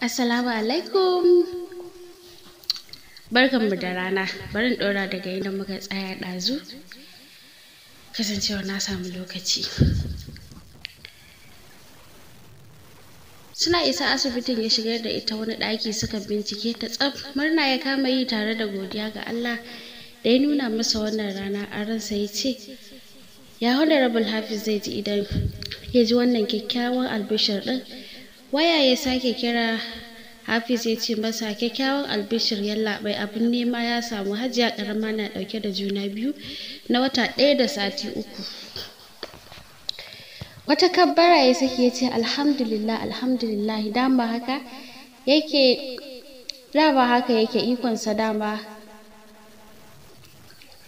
Assalamu alaikum. Barkanmu da rana, barin ɗora daga inda muka tsaya ɗazu. Kasancewa na samu lokaci. Suna isa asibitin ya shigar da ita wani ɗaki suka bincike ta tsaf murna ya kama yi tare da godiya ga Allah da ya nuna masa wannan rana a ransa ya ce, Ya rabin Hafiz zai ji idan ya ji wannan kyakkyawan albishir ɗin. waya ya sake kira hafiz ya ce masa kyakkyawan albishir yallaɓai abin nema ya samu hajiya karama na ɗauke da juna biyu na wata ɗaya da sati uku wata kabbara ya sake ya ce alhamdulillah alhamdulillah dama haka yake dama haka yake ikonsa dama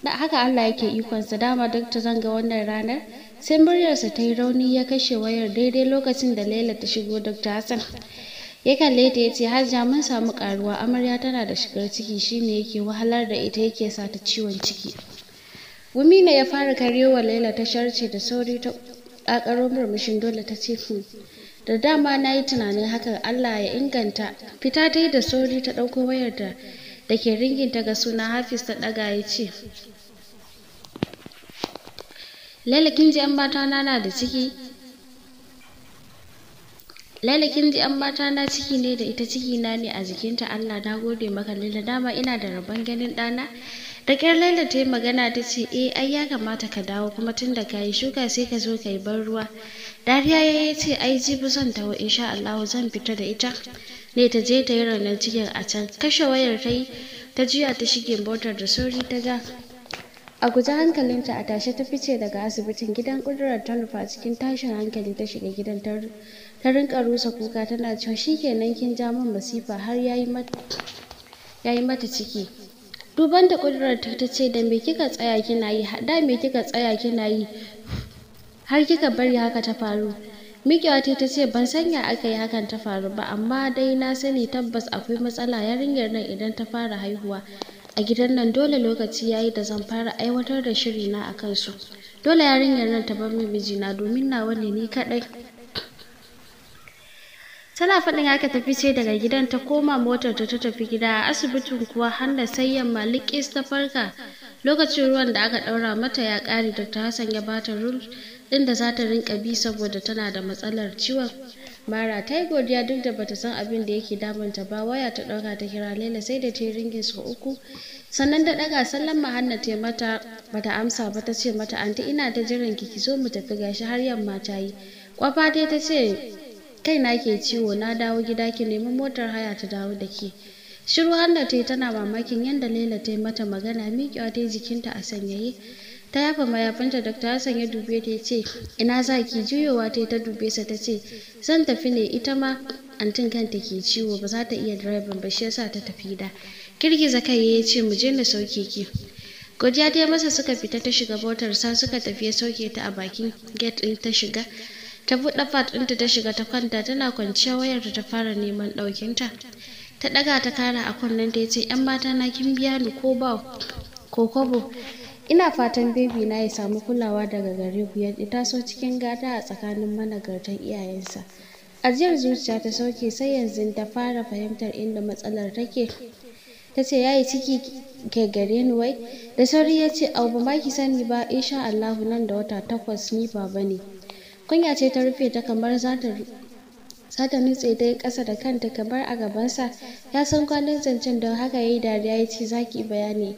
haka Allah yake ikonsa dama duk ta zanga wannan ranar sai muryarsa ta yi rauni ya kashe wayar daidai lokacin da laila ta shigo dr hassan ya kalle ta ya ce hajja mun samu karuwa amarya tana da shigar ciki shine yake wahalar da ita yake sa ta ciwon ciki gumi ne ya fara karewa laila ta sharce da sauri ta kakaro murmushin dole ta ce hmm. da dama na yi tunanin hakan allah ya inganta fita ta yi da sauri ta ɗauko wayar da da ke ringinta ga suna hafiz ta ɗaga ya ce Laila kin ji na na da ciki? Laila kin ji na ciki ne da ita ciki na ne a jikinta Allah na gode maka Laila dama ina da rabon ganin ɗana. Da ƙyar Laila ta yi magana ta ce eh ai ya kamata ka dawo kuma tun da ka yi shuka sai ka zo ka yi ban ruwa. Dariya ya ce ai jibi zan taho insha Allah zan fita da ita. ne ta je ta yi raunin cikin a can kashe wayar ta yi ta juya ta shige motar da sauri ta ga a guje hankalinta a tashe ta fice daga asibitin gidan kudurar ta nufa cikin tashin hankali ta shiga gidan ta rinka rusa kuka tana cewa shikenan kin ja min masifa har yayi mata ciki duban da kudurar ta ce da me kika tsaya kina yi da me kika tsaya kina yi har kika bari haka ta faru Mikiwa ta ce ban sanya aka yi hakan ta faru ba amma dai na sani tabbas akwai matsala yarinyar nan idan ta fara haihuwa a gidan nan dole lokaci ya yi da zan fara aiwatar da shiri na a kansu dole yarinyar nan ta bar min mijina domin nawa ne ni kaɗai tana faɗin aka tafi fice daga gidan ta koma motar ta tafi gida a asibitin kuwa handa sai yamma likis ta farka lokacin ruwan da aka ɗaura mata ya ƙare dr hassan ya bata ta ɗin da za ta rinka bi saboda tana da matsalar ciwon Mara ta yi godiya duk da bata san abin da yake damunta ba waya ta ɗauka ta kira Laila sai da ta yi ringin sau uku. Sannan da ɗaga sallan Hanna ta mata bata amsa ba ta ce mata anti ina ta jiran ki ki zo mu tafi gashi har yamma ta yi. Kwafa ta ce kai na ke ciwo na dawo gida ki nemi motar haya ta dawo da ke. Shiru Hanna ta yi tana mamakin yadda Laila ta yi mata magana miƙewa ta yi jikinta a sanyaye. ta yafa mayafinta Dr. Hassan ya dube ta ce ina za ki juyowa ta ta dube sa ta ce zan tafi ne ita ma antin kanta ke ciwo ba za ta iya direban ba shi yasa ta tafi da girgiza kai ya ce mu je na sauke ki godiya ta masa suka fita ta shiga motar sa suka tafi ya sauke ta a bakin gate din ta shiga ta buɗe fat ɗinta ta shiga ta kwanta tana kwanciya wayarta ta fara neman ɗaukinta ta ɗaga ta kara a kunnen ta ya ce 'yan mata na kin biya ni ko ba ko kobo ina fatan bebi na ya samu kulawa daga gare ku ya taso cikin gata a tsakanin managartan iyayensa ajiyar zuciya ta sauke sai yanzu ta fara fahimtar inda matsalar take ta ce ya yi ciki ke gare ni wai da sauri ya ce abu ba ki sani ba sha allahu nan da wata takwas ni baba ne kunya ce ta rufe ta kamar za ta za ta nutse dai ƙasa da kanta kamar a gabansa ya san kwanan zancen don haka ya yi dariya ya ce za ki bayani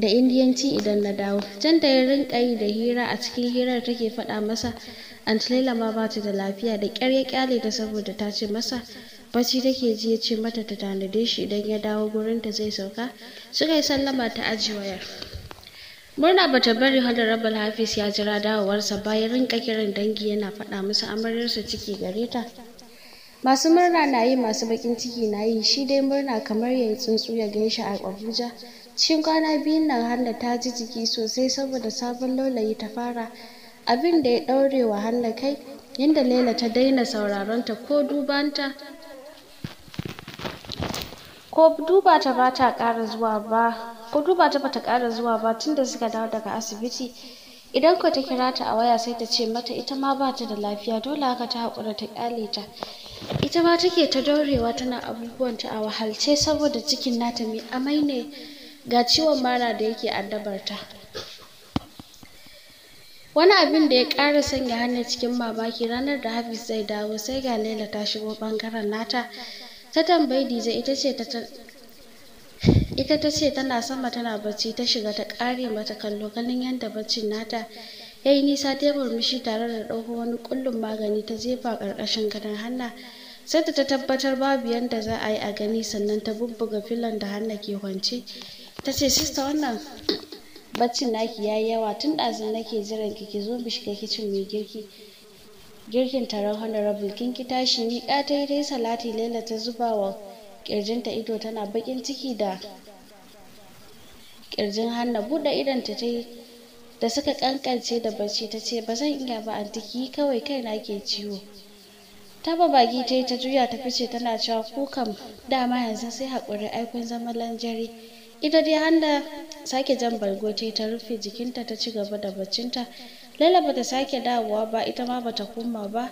da indiyanci idan na dawo can da ya rinka yi da hira a cikin hirar take faɗa masa antilela ma ba ta da lafiya da ƙyar ya ƙyale ta saboda ta ce masa bacci take ji ya ce mata ta tanade shi idan ya dawo ta zai sauka suka yi sallama ta aji wayar murna bata bari hada rabal hafiz ya jira dawowarsa bayan rinka kiran dangi yana faɗa masa amaryarsa ciki gare ta masu murna na yi masu bakin ciki na yi shi dai murna kamar ya tsuntsu ya gan shi a abuja Cikin kwana biyun nan Hannah ta ji jiki sosai saboda sabon laulayi ta fara. Abin da ya ɗaure wa Hannah kai, yadda Laila ta daina sauraron ta ko ta ko duba ta ba ta ƙara zuwa ba ko duba ta bata ƙara zuwa ba tunda suka dawo daga asibiti idan ko ta kira ta a waya sai ta ce mata ita ma ba ta da lafiya dole haka ta haƙura ta ƙyale ta ita ma take ta daurewa tana abubuwan ta a wahalce saboda cikin nata mai amai ne ga ciwon mara da yake addabar ta wani abin da ya ƙara sanya hannun cikin mamaki ranar da hafiz zai dawo sai ga laila ta shigo bangaren nata ta tambayi dije ita ce ta ita ta ce tana sama tana bacci ta shiga ta ƙare mata kallo ganin yadda baccin nata ya nisa ta murmushi tare da ɗauko wani ƙullun magani ta jefa ƙarƙashin gadon hanna sai ta tabbatar babu yadda za a yi a gani sannan ta bubbuga filon da hanna ke kwance ta ce sista wannan baccin naki yayi yawa tun ɗazin nake jiran ki ki zo mu shiga kicin mai girki girkin taron honorable kin ki tashi ni ka ta yi dai salati laila ta zuba wa ƙirjinta ido tana bakin ciki da ƙirjin hannu buɗe idonta ta yi da suka kankance da bacci ta ce ba zan iya ba ki kawai kaina ke ciwo ta babagi ta yi ta juya ta fice tana cewa kukan dama yanzu sai haƙuri aikun zaman lanjare ita dai handa sake jan bargo ta ta rufe jikinta ta ci gaba da baccinta laila bata sake dawowa ba ita ma bata koma ba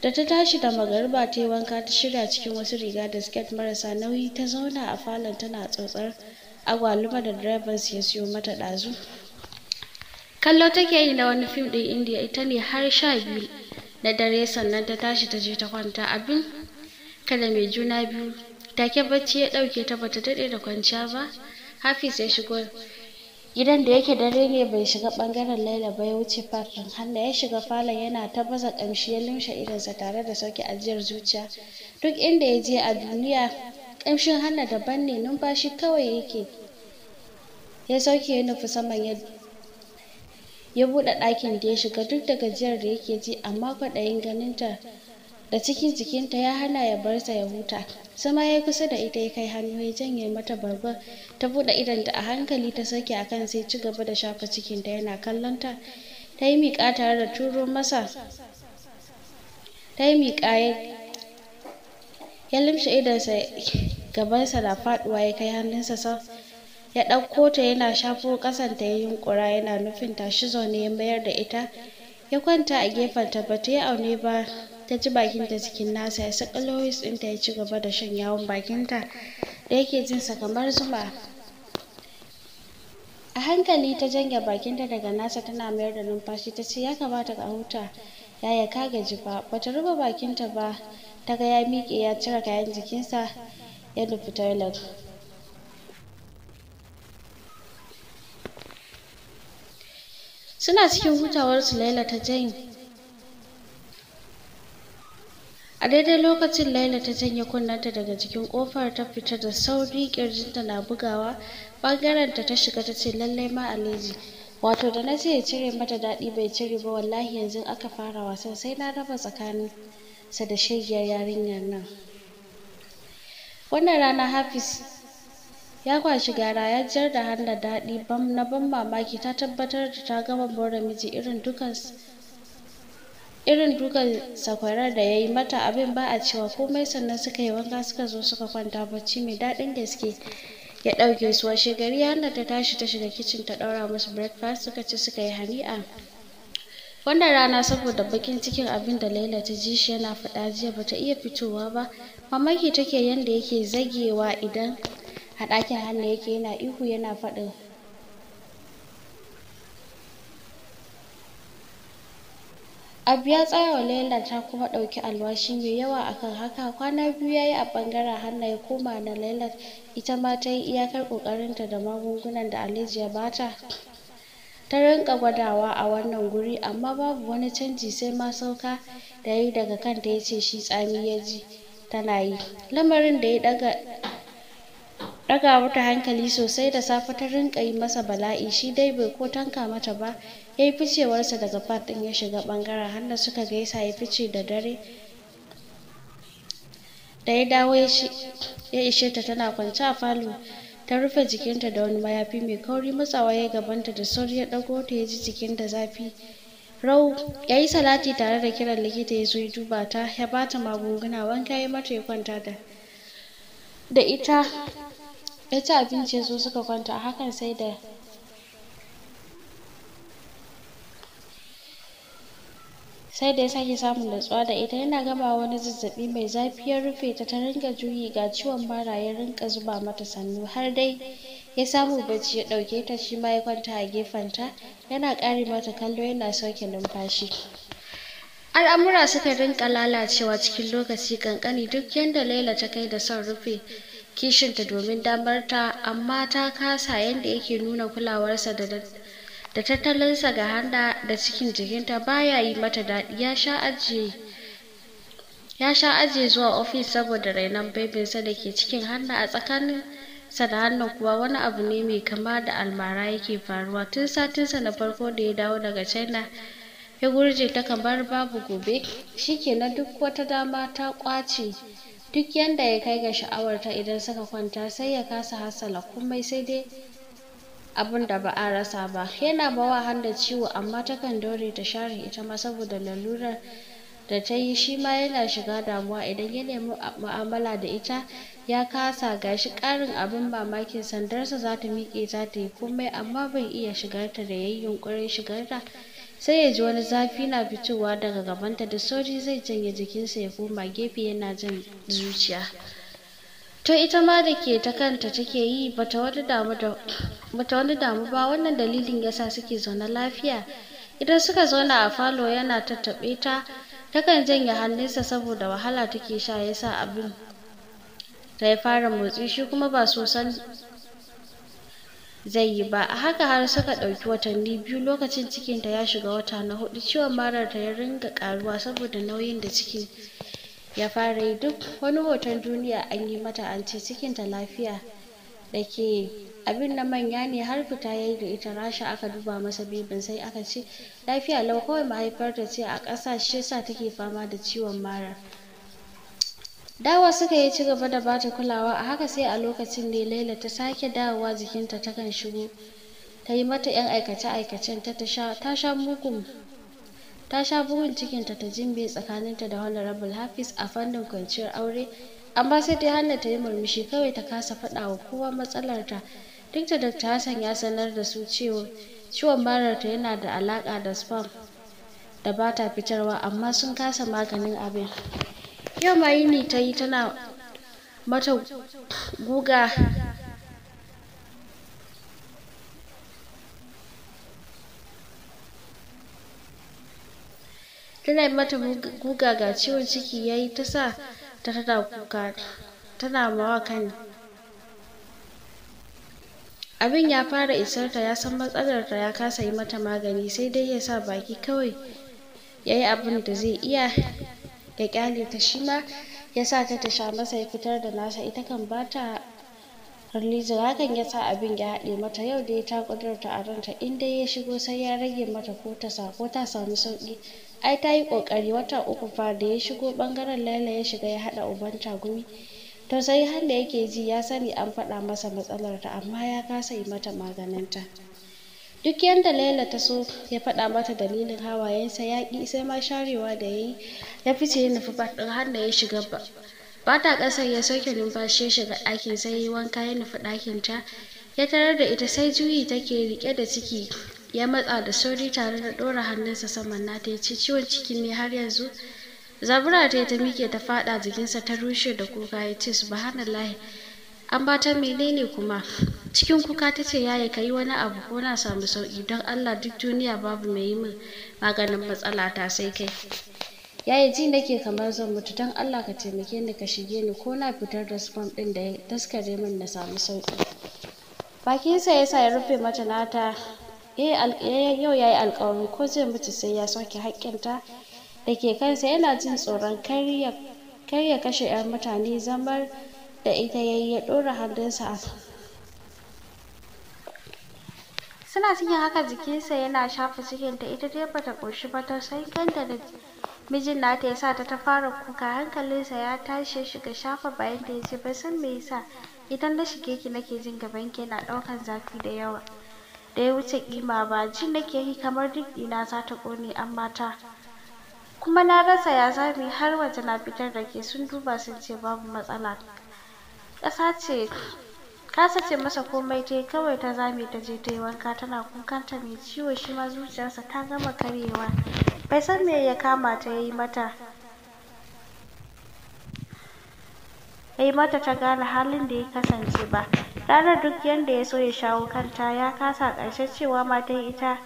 da ta tashi da magariba ta yi wanka ta shirya cikin wasu riga da siket marasa nauyi ta zauna a falon tana tsotsar agwaluma da direban ya siyo mata ɗazu kallo take yi na wani fim ɗin indiya ita ne har sha biyu na dare sannan ta tashi ta je ta kwanta abin kada mai juna biyu take bacci ya dauke ta bata dade da kwanciya ba hafiz ya shigo gidan da yake dare ne bai shiga bangaren laila ba ya wuce fakin halla ya shiga falon yana ta baza kamshi ya lumshe idonsa tare da sauke ajiyar zuciya duk inda ya je a duniya kamshin halla daban ne numfashi kawai yake ya sauke ya nufi saman ya ya bude dakin da ya shiga duk da gajiyar da yake ji amma kwaɗayin ta. da cikin jikinta ya hana ya bar ta ya huta sama ya kusa da ita ya kai hannu ya janye mata bargon ta buɗe idonta a hankali ta sake a kan sai ci gaba da shafa cikinta yana kallon ta ta yi miƙa tare da turo masa ta yi miƙa ya limshe gaban gabansa na faɗuwa ya kai hannunsa sa ya ɗauko ta yana shafo ƙasan ta ya yunƙura yana nufin tashi zaune ya mayar da ita ya kwanta a gefen ta bata yi aune ba ta ji bakinta cikin nasa ya saka lois ɗinta ya ci gaba da shan yawon bakinta da yake sa kamar zuma a hankali ta janye bakinta daga nasa tana mayar da numfashi ta ce ya kamata ka huta ya ka gaji ba bata ruba bakinta ba ta ga ya miƙe ya cire kayan jikinsa ya nufi toilet suna cikin hutawarsu laila ta jane a daidai lokacin laila ta janye kunnanta daga jikin kofar ta fita da sauri kirjinta na bugawa bangaren ta ta shiga ta ce lallai ma aleji wato da na ce ya cire mata daɗi bai cire ba wallahi yanzu aka fara wasan sai na raba tsakanin sa da shegiyar yarinyar nan wannan rana hafiz ya kwashi gara ya jar da hannun daɗi na ban mamaki ta tabbatar da ta gama bore miji irin dukan irin dukan sakwarar da ya yi mata abin ba a cewa komai sannan suka yi wanka suka zo suka kwanta bacci mai daɗin gaske ya ɗauke su washe gari hannar ta tashi ta shiga kicin ta ɗaura musu breakfast suka ci suka yi hani'a wannan rana saboda bakin cikin abin da laila ta ji shi yana faɗa jiya ba ta iya fitowa ba mamaki take yanda yake zagewa idan a ɗakin hannu yake yana ihu yana faɗin Abu ya tsaya wa Laila ta kuma ɗauki alwashi mai yawa akan haka kwana biyu ya yi a ɓangaren Hanna ya koma na Laila ita ma ta yi iyakar ƙoƙarinta da magungunan da Alhaji ya bata ta rinka gwadawa a wannan guri amma babu wani canji sai ma sauka da yi daga kanta ya ce shi tsami ya ji tana yi lamarin da ya ɗaga daga wata hankali sosai da safe ta rinka yi masa bala'i shi dai bai ko tanka mata ba ya yi ficewarsa daga fat ɗin ya shiga ɓangaren hannu suka gaisa ya fice da dare da ya dawo ya ishe ta tana kwance a falo ta rufe jikinta da wani mayafi mai kauri matsawa ya gabanta da sauri ya ɗago ta ya ji jikin da zafi rau ya yi salati tare da kiran likita ya zo ya duba ta ya ba ta magunguna wanka ya mata ya kwanta da ita ya ci abincin su suka kwanta a hakan sai da sai da ya sake samun natsuwa da ita yana gama wani zazzaɓi mai zafi ya rufe ta ta ringa juyi ga ciwon mara ya rinka zuba mata sannu har dai ya samu bacci ya ɗauke ta shi ma ya kwanta a gefenta yana ƙare mata kallo yana sauke numfashi al'amura suka rinka lalacewa cikin lokaci ƙanƙani duk yadda laila ta kai da son rufe kishinta domin damar ta amma ta kasa yadda yake nuna kulawarsa da tattalinsa ga handa da cikin jikinta baya yi mata daɗi ya sha ajiye zuwa ofis saboda rainon bebinsa da ke cikin handa a tsakanin sa da hannun kuwa wani abu ne mai kama da almara yake faruwa tun satinsa na farko da ya dawo daga china ya gurje ta kamar babu gobe na duk wata dama ta kwace. duk yanda ya kai ga sha'awarta idan suka kwanta sai ya kasa hassala komai sai dai abin da ba a rasa ba yana bawa handa ciwo amma takan dore ta share ita ma saboda lalurar da ta yi shi ma yana shiga damuwa idan ya nemi mu'amala da ita ya kasa gashi ƙarin abin mamakin sandarsa za ta miƙe za ta yi komai amma bai iya shigarta da yayyin ƙurin shigarta sai ya ji wani zafi na fitowa daga gabanta da sauri zai janye jikinsa ya koma gefe yana jin zuciya to ita ma da ke ta kanta take yi bata wani damu wani damu ba wannan dalilin yasa suke zaune lafiya idan suka zauna a falo yana tattaɓe ta takan janye hannunsa saboda wahala take sha yasa abin ta ya fara motsi shi kuma ba sosan zai yi ba a haka har suka ɗauki watanni biyu lokacin cikinta ya shiga wata na hudu ciwon marar ta ya ringa karuwa saboda nauyin da cikin ya fara yi duk wani hoton duniya an yi mata an ce ta lafiya da ke abin na manya ne har fita ya yi da ita rasha aka duba masa bibin sai aka ce lafiya lau kawai mahaifarta ce a ƙasa shi yasa take fama da ciwon mara Dawa suka yi ci gaba da bata kulawa a haka sai a lokacin ne Laila ta sake dawowa jikinta ta kan shigo ta yi mata 'yan aikace-aikacen ta ta sha mugun ta sha bugun cikinta ta jimbe tsakaninta da honorable hafiz a fannin kwanciyar aure amma sai dai hanna ta yi murmushi kawai ta kasa faɗa wa kowa matsalarta duk da dr hassan ya sanar da su cewa ciwon ta yana da alaƙa da spam da bata fitarwa amma sun kasa maganin abin Yau ma ne ta yi tana mata guga tana mata guga ga ciwon ciki ya yi ta sa ta tana kuka tana mawa kan abin ya fara isar ta ya san matsalar ta ya kasa yi mata magani sai dai ya sa baki kawai ya yi abin da zai iya ya kyale ta shi ma ya sa ta tasha masa ya fitar da nasa ita kan ba ta harliza hakan ya sa abin ya haɗe mata yau dai ta ƙudurta a ranta in dai ya shigo sai ya rage mata ko ta sa ko ta samu sauƙi ai ta yi ƙoƙari wata uku fa da ya shigo ɓangaren laila ya shiga ya haɗa ubanta gumi sai har da yake ji ya sani an faɗa masa matsalarta amma ya kasa yi mata maganinta duk yadda laila ta so ya faɗa mata dalilin hawayensa ya ƙi sai ma sharewa da ya yi ya fice ya nufi bat ɗin har da ya shiga ba ba ta ƙasar ya sauke numfashi ya shiga ɗakin sai ya yi wanka ya nufi ɗakin ta ya tarar da ita sai juyi take riƙe da ciki ya matsa da sauri tare da ɗora hannunsa saman nata ya ce ciwon ciki ne har yanzu zabura ta ta miƙe ta faɗa jikinsa ta rushe da kuka ya ce subhanallahi an ba ta menene kuma cikin kuka ta ce yaya ka yi wani abu ko na samu sauki don allah duk duniya babu mai yi min maganin matsala ta sai kai yaya ji nake kamar zan mutu don allah ka taimake ni ka shige ni ko na fitar da spam ɗin da ya taskare min na samu sauki Bakin ya sa ya rufe mata nata yau ya yi ko zai mutu sai ya soke haƙƙinta da ke kansa yana jin tsoron kar kashe 'yan mutane zamar da ita yayi ya ɗora hannunsa a suna cikin haka jikinsa yana shafa cikinta ita dai bata ƙoshi ba ta sai kanta da mijin nata yasa ta ta fara kuka hankalinsa ya tashi shi shiga shafa bayan da ya ce ba san me yasa idan na shige ki nake jin gaban ki yana ɗaukan zafi da yawa da ya wuce kima ba jin nake yi kamar duk ina za ta ƙone amma ta kuma na rasa ya zame har waje na fitar da ke sun duba sun ce babu matsala ƙasa ce kasa ce masa komai ta yi kawai ta zame ta je ta yi wanka tana kunkanta mai ciwo shi ma zuciyarsa ta gama karyewa bai san me ya kama ta ya yi mata ya yi mata ta gane halin da ya kasance ba ranar duk yadda ya so ya shawo kanta ya kasa ƙarshe cewa ma ita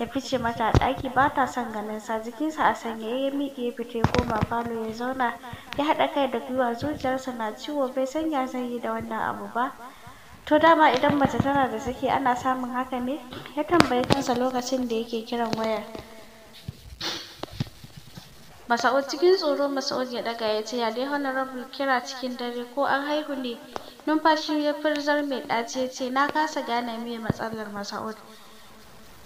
ya fice mata a ɗaki ba ta son ganin sa jikinsa a sanyaye ya miƙe ya fita ya koma falo ya zauna ya haɗa kai da gwiwa zuciyarsa na ciwo bai san ya zai yi da wannan abu ba to dama idan mace tana da saki ana samun haka ne ya tambayi kansa lokacin da yake kiran wayar Masa'ud cikin tsoro Masa'ud ya daga ya ce ya dai honorable kira cikin dare ko an haihu ne numfashi ya firzar mai ɗaci ya ce na kasa gane me matsalar Masa'ud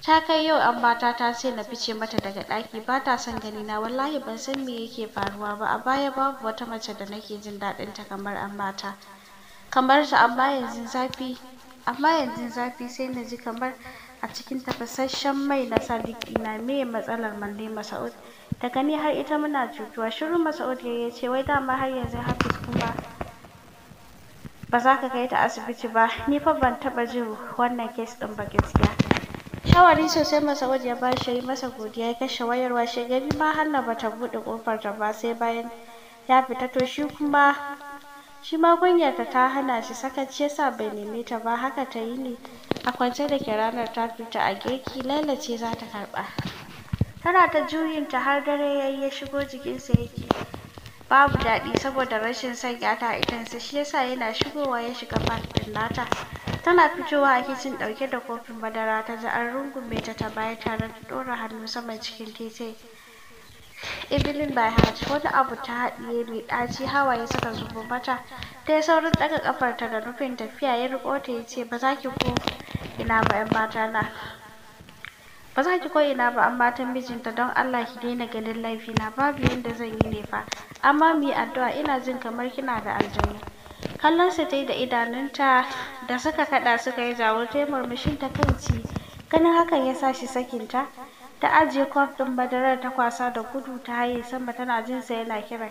ta kai yau an bata ta ce na fice mata daga ɗaki ba ta son gani na wallahi ban san me yake faruwa ba a baya babu wata mace da nake jin daɗin ta kamar an bata kamar ta amma yanzu zafi amma yanzu zafi sai na ji kamar a cikin tafasasshen mai na sa na me matsalar malle Masa'ud daga ni har ita muna cutuwa shiru Masa'ud ya ce wai dama har yanzu Hafiz kuma ba za ka kai ta asibiti ba ni fa ban taɓa jin wannan kes ɗin ba gaskiya shawari sosai Masa'ud ya bashi yi masa godiya ya kashe wayar washe gani ma Hanna bata buɗe kofar ta ba sai bayan ya fita to shi kuma shi ma kunyarta ta hana shi sakaci sa bai neme ta ba haka ta yi ne a kwance da ke ranar ta fita a girki lalace za ta karɓa tana ta juyin ta har dare ya yi ya shigo jikinsa yake babu daɗi saboda rashin ya ta a idansa shi yasa yana shigowa ya shiga fat nata Tana fitowa a kicin ɗauke da kofin madara ta ji an rungume ta ta baya tare da ɗora hannu sama cikin titi. Evelyn by heart wani abu ta haɗiye mai ɗaci hawaye suka zubo mata ta yi saurin ɗaga ƙafarta da nufin tafiya ya riƙo ta ya ce ba za ki ko ina ba ba za ki ko ina ba an matan mijinta don Allah ki daina ganin laifina babu yadda zan yi ne fa amma mu yi addu'a ina jin kamar kina da aljanu kallonsa ta yi da idanunta da suka kada suka yi zawo ta murmushin ta kanci ganin hakan ya sa shi sakinta ta ajiye kwaf ɗin madarar ta kwasa da gudu ta haye sama tana jin sa yana kira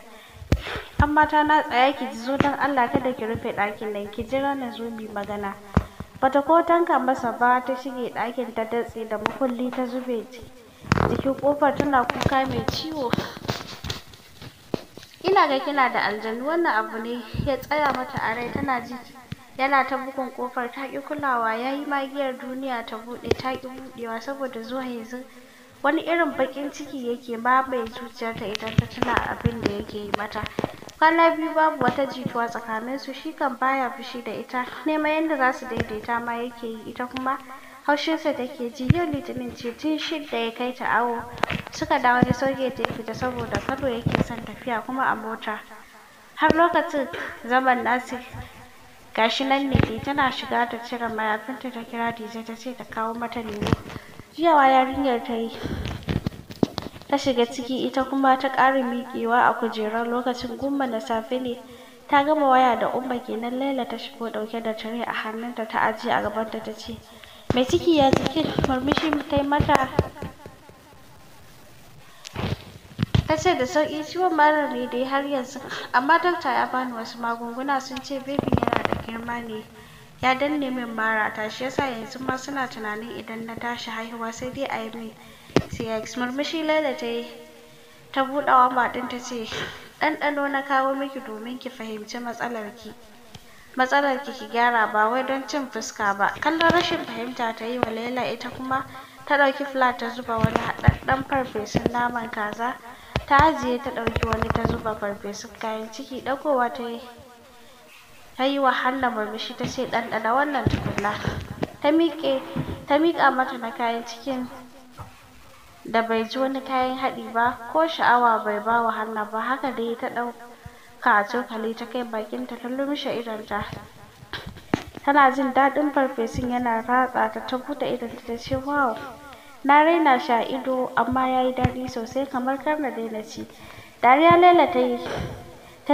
amma ta na tsaya ki ji, zo don allah kada ki rufe ɗakin nan ki jira na zo magana bata ko tanka masa ba ta shige ɗakin ta datse da makulli ta zube jikin kofar tana kuka mai ciwo Ina ga kila da aljanu wannan abu ne ya tsaya mata a rai tana ji yana ta bugun kofar ta ki kulawa ya yi magiyar duniya ta buɗe ta ki buɗewa saboda zuwa yanzu wani irin baƙin ciki yake zuciyar zuciyarta idan ta tuna abin da yake yi mata kwana biyu babu wata jituwa tsakaninsu shi kan baya fushi da ita Nema yadda zasu daidaita ma yake yi ita kuma Haushinsa take ji yau Litinin ce tun shidda ya kai ta awo. Suka dawo ya soke ta fita saboda kado yake son tafiya kuma a mota. Har lokacin zaman nasi, gashi nan ne tana shiga ta cire mayafinta ta kira Dije ta ce ta kawo mata Jiya Jiyawa yarinyar ta yi. Ta shiga ciki ita kuma ta ƙara miƙewa a kujerar lokacin gumma na safe ne. ta gama waya da umma kenan laila ta shigo ɗauke da tire a hannunta ta ajiye a gabanta ta ce mai ciki ya jikin murmushi ta yi mata ta ce da sauƙi ciwon marar ne dai har yanzu amma dokta ya bani wasu magunguna sun ce bebin yana da girma ne ya danne min mara ta shi yasa yanzu ma suna tunanin idan na tashi haihuwa sai dai a yi min cx murmushi laila ta yi ta buɗe wa ta ce ɗanɗano na kawo miki domin ki fahimci matsalar ki matsalar ki ki gyara ba wai don cin fuska ba kallon rashin fahimta ta yi wa laila ita kuma ta ɗauki flat ta zuba wani haɗaɗɗen farfesun naman kaza ta ajiye ta ɗauki wani ta zuba farfesun kayan ciki ɗagowa ta yi ta yi wa hanna murmushi ta ce ɗanɗana wannan tukunna ta miƙe ta miƙa mata na kayan cikin da bai ji wani kayan haɗi ba ko sha'awa bai ba wa ba haka dai ta ɗau ka a cokali ta kai bakinta ta lumshe ta. tana jin daɗin farfesun yana ratsa ta ta buɗe idon ta ce wow na raina shi a ido amma ya yi daɗi sosai kamar kar na daina ci dariya laila ta yi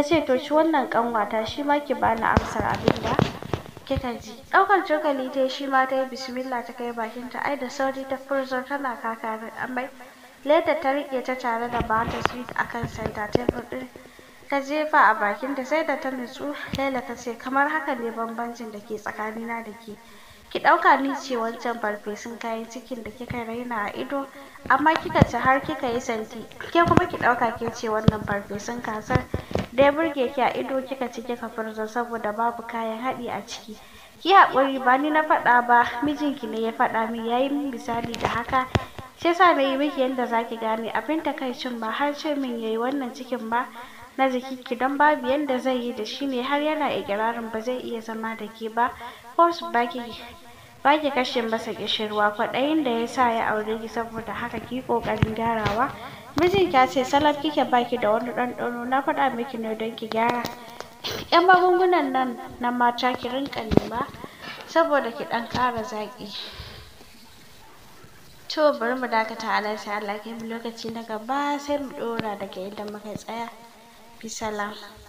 ce to ci wannan ƙanwata shi ma ki bani amsar abin da kika ji ɗaukar cokali ta yi shi ma ta yi bismillah ta kai bakinta ai da sauri ta furzo tana kakarin amai leda ta riƙe ta tare da bata sweet akan santa tebur ɗin Ka jefa a bakinta sai da ta nutsu laila ta ce kamar haka ne bambancin da ke tsakanina da ke ki ɗauka ni ce wancan farfesun kayan cikin da kika raina a ido amma kika ci har kika yi santi ke kuma ki ɗauka kin ce wannan farfesun kasar da ya burge ki a ido kika ci kika furza saboda babu kayan haɗi a ciki ki haƙuri ba ni na faɗa ba mijinki ne ya faɗa min ya yi min misali da haka shi yasa na yi miki yadda za ki gane abin takaicin ba har ce min ya yi wannan cikin ba na jiki don babu yadda zai yi da shi ne har yana ikirarin ba zai iya zama da ke ba ko baki baki kashe masa kishirwa kwaɗayin da ya sa ya aure ki saboda haka ki ƙoƙarin gyarawa mijin ya ce salaf kike baki da wani ɗanɗano na faɗa miki ne don ki gyara yan magungunan nan na mata ki rinka nema saboda ki ɗan ƙara zaƙi to bari mu dakata a nan sai Allah kai mu lokaci na gaba sai mu ɗora daga inda muka tsaya بسلام